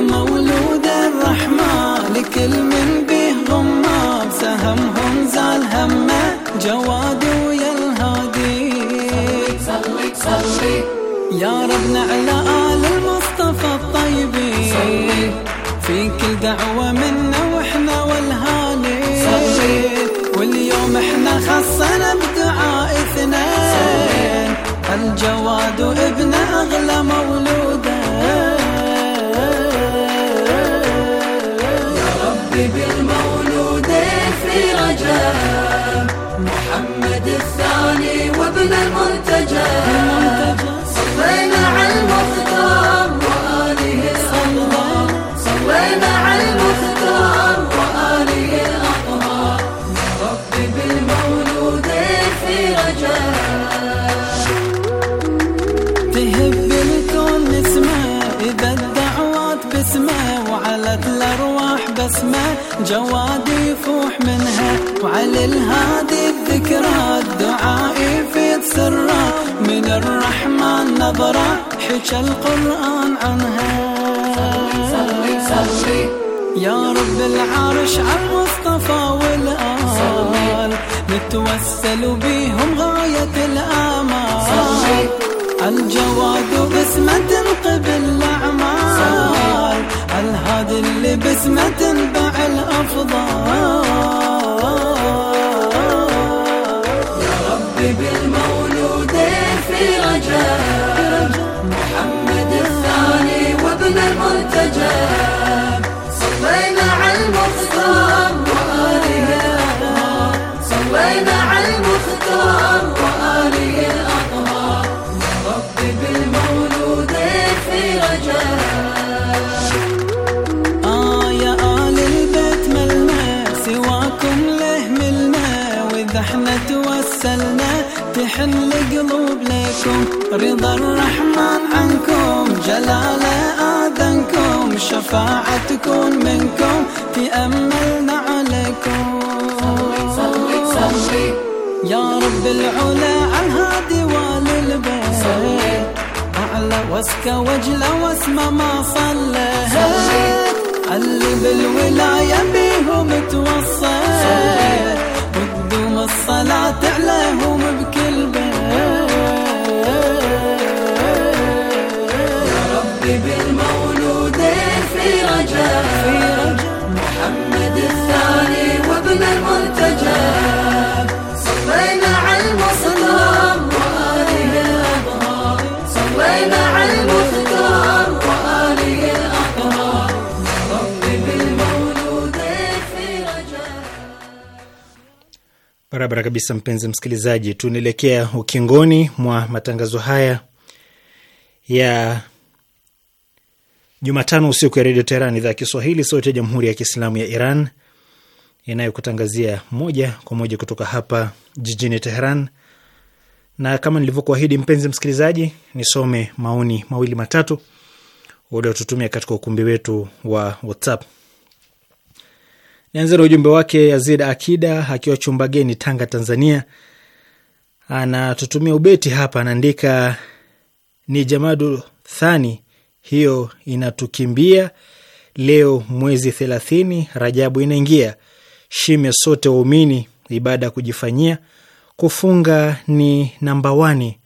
مولود الرحمة لكل من به غمة بسهمهم زال همه جواد ويا الهادي صلي صلي يا ربنا على آل المصطفى الطيبين صلي في كل دعوة منا واحنا والهالي صلي واليوم احنا خصنا بدعاء اثنين الجواد وابن اغلى مولوده محمد الثاني وابن المنتجى صلينا على المختار بسمة جواد يفوح منها وعلى الهادي الذكرى الدعاء يفيد سره من الرحمن نظرة حكى القرآن عنها صلي صلي يا رب العرش على المصطفى والآل نتوسل بهم غاية الآمال الجواد بسمة تنقبل الأفراد اللي باسمه تنبع الأفضال يا ربي بالمولود في رجاء محمد الثاني وابن المرتجى أرسلنا تحل قلوب لكم رضا الرحمن عنكم جلاله آذنكم شفاعة تكون منكم تأملنا عليكم صلي صلي يا رب العلا على الهادي والبيت أعلى واسكى وجلى واسمى ما صلى اللي بالولاية بيهم توصل صلاة عليهم بكل بيت Barabara kabisa, mpenzi msikilizaji, tunaelekea ukingoni mwa matangazo haya ya Jumatano usiku ya Redio Teheran, idhaa ya Kiswahili, sauti ya Jamhuri ya Kiislamu ya Iran inayokutangazia moja kwa moja kutoka hapa jijini Teheran. Na kama nilivyokuahidi, mpenzi msikilizaji, nisome maoni mawili matatu uliotutumia katika ukumbi wetu wa WhatsApp. Nianze na ujumbe wake Yazid Akida akiwa Chumbageni, Tanga, Tanzania. Anatutumia ubeti hapa, anaandika ni Jamadu Thani, hiyo inatukimbia leo, mwezi thelathini Rajabu inaingia, shime sote waumini, ibada ya kujifanyia, kufunga ni namba wani,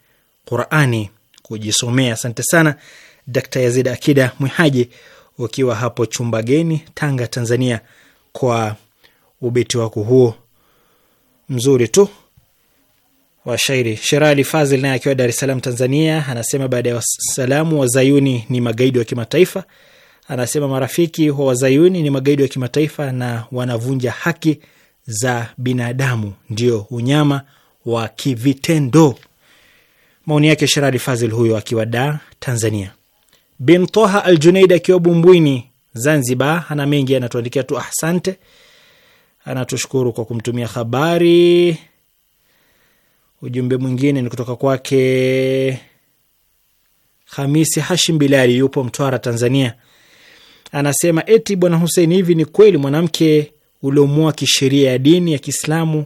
Qurani kujisomea. Asante sana Dkt Yazid Akida Mwihaji, ukiwa hapo Chumbageni, Tanga, Tanzania kwa ubeti wako huo mzuri tu wa shairi. Sherali Fazil naye akiwa Dar es Salaam, Tanzania, anasema baada ya wasalamu, wazayuni ni magaidi wa kimataifa. Anasema marafiki wa wazayuni ni magaidi wa kimataifa na wanavunja haki za binadamu, ndio unyama wa kivitendo. Maoni yake Sherali Fazil huyo akiwa Da, Tanzania. Bin Toha Al Junaid akiwa Bumbwini Zanzibar ana mengi, anatuandikia tu asante, anatushukuru kwa kumtumia habari. Ujumbe mwingine ni kutoka kwake Hamisi Hashim Bilali, yupo Mtwara, Tanzania, anasema eti bwana Hussein, hivi ni kweli mwanamke uliomua kisheria ya dini ya Kiislamu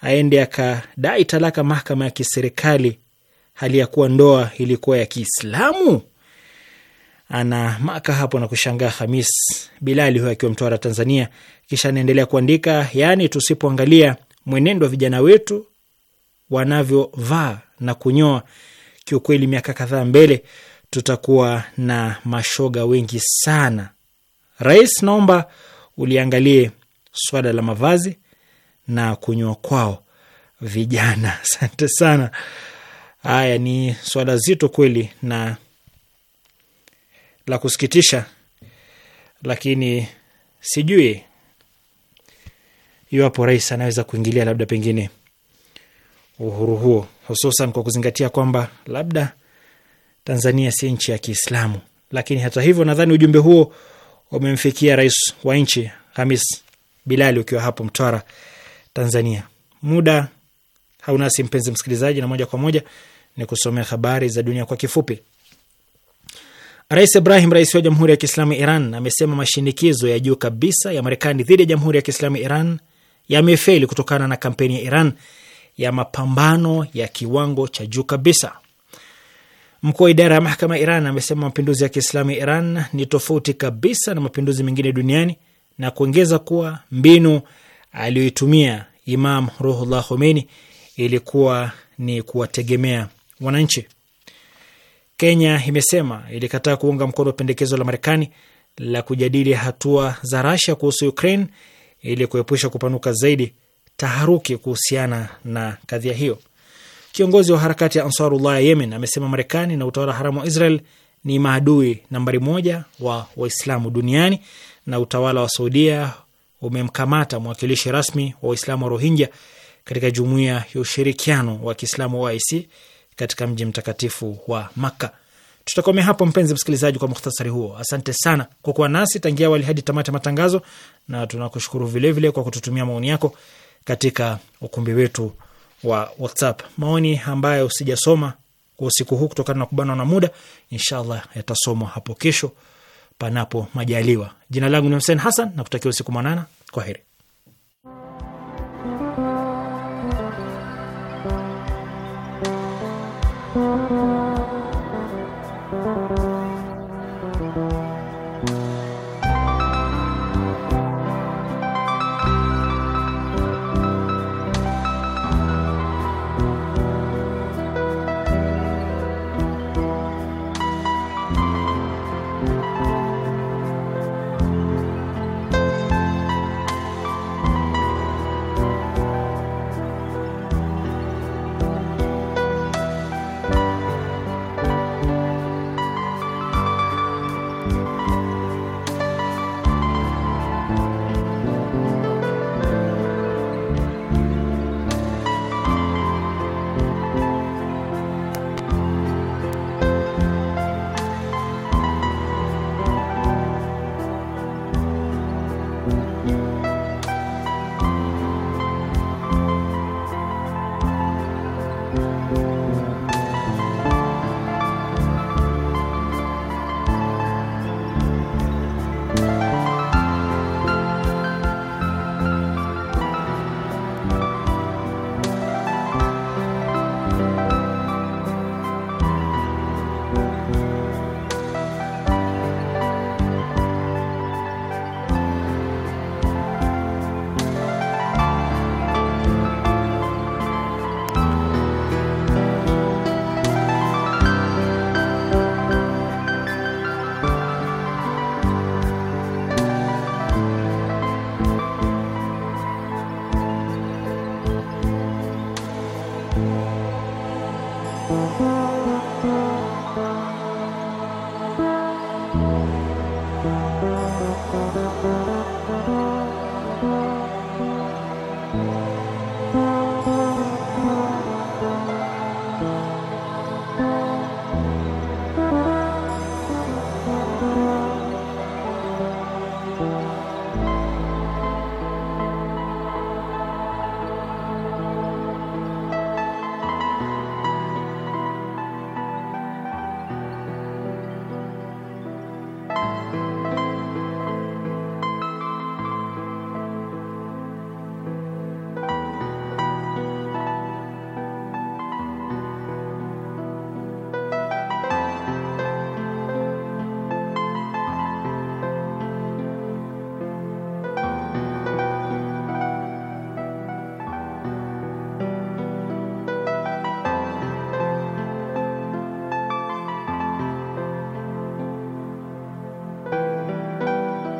aende akadai talaka mahakama ya kiserikali hali ya kuwa ndoa ilikuwa ya Kiislamu? ana maka hapo na kushangaa Hamis Bilali huyo akiwa Mtwara, Tanzania. Kisha anaendelea kuandika, yaani tusipoangalia mwenendo wa vijana wetu wanavyovaa na kunyoa, kiukweli, miaka kadhaa mbele tutakuwa na mashoga wengi sana. Rais, naomba uliangalie swala la mavazi na kunyoa kwao vijana. Asante sana. Haya ni swala zito kweli na la kusikitisha, lakini sijui iwapo rais anaweza kuingilia labda pengine uhuru huo, hususan kwa kuzingatia kwamba labda Tanzania si nchi ya Kiislamu. Lakini hata hivyo, nadhani ujumbe huo umemfikia rais wa nchi Hamis Bilali ukiwa hapo Mtwara, Tanzania. Muda haunasi mpenzi msikilizaji, na moja kwa moja ni kusomea habari za dunia kwa kifupi. Rais Ibrahim Raisi wa Jamhuri ya Kiislamu Iran amesema mashinikizo ya juu kabisa ya Marekani dhidi ya Jamhuri ya Kiislamu Iran yamefeli kutokana na kampeni ya Iran ya mapambano ya kiwango cha juu kabisa. Mkuu wa idara ya mahakama ya Iran amesema mapinduzi ya Kiislamu ya Iran ni tofauti kabisa na mapinduzi mengine duniani na kuongeza kuwa mbinu aliyoitumia Imam Ruhullah Khomeini ilikuwa ni kuwategemea wananchi. Kenya imesema ilikataa kuunga mkono pendekezo la Marekani la kujadili hatua za Rasia kuhusu Ukraine ili kuepusha kupanuka zaidi taharuki kuhusiana na kadhia hiyo. Kiongozi wa harakati ya Ansarullah ya Yemen amesema Marekani na utawala haramu wa Israel ni maadui nambari moja wa Waislamu duniani, na utawala wa Saudia umemkamata mwakilishi rasmi wa Waislamu wa Rohingya katika Jumuiya ya Ushirikiano wa Kiislamu OIC katika mji mtakatifu wa Makka. Tutakomea hapo mpenzi msikilizaji, kwa muhtasari huo. Asante sana kwa kuwa nasi tangia awali hadi tamati ya matangazo, na tunakushukuru vilevile kwa kututumia maoni yako katika ukumbi wetu wa WhatsApp. Maoni ambayo sijasoma kwa usiku huu kutokana na kubanwa na muda, inshallah yatasomwa hapo kesho, panapo majaliwa. Jina langu ni Hussein Hassan na kutakia usiku mwanana. Kwa heri.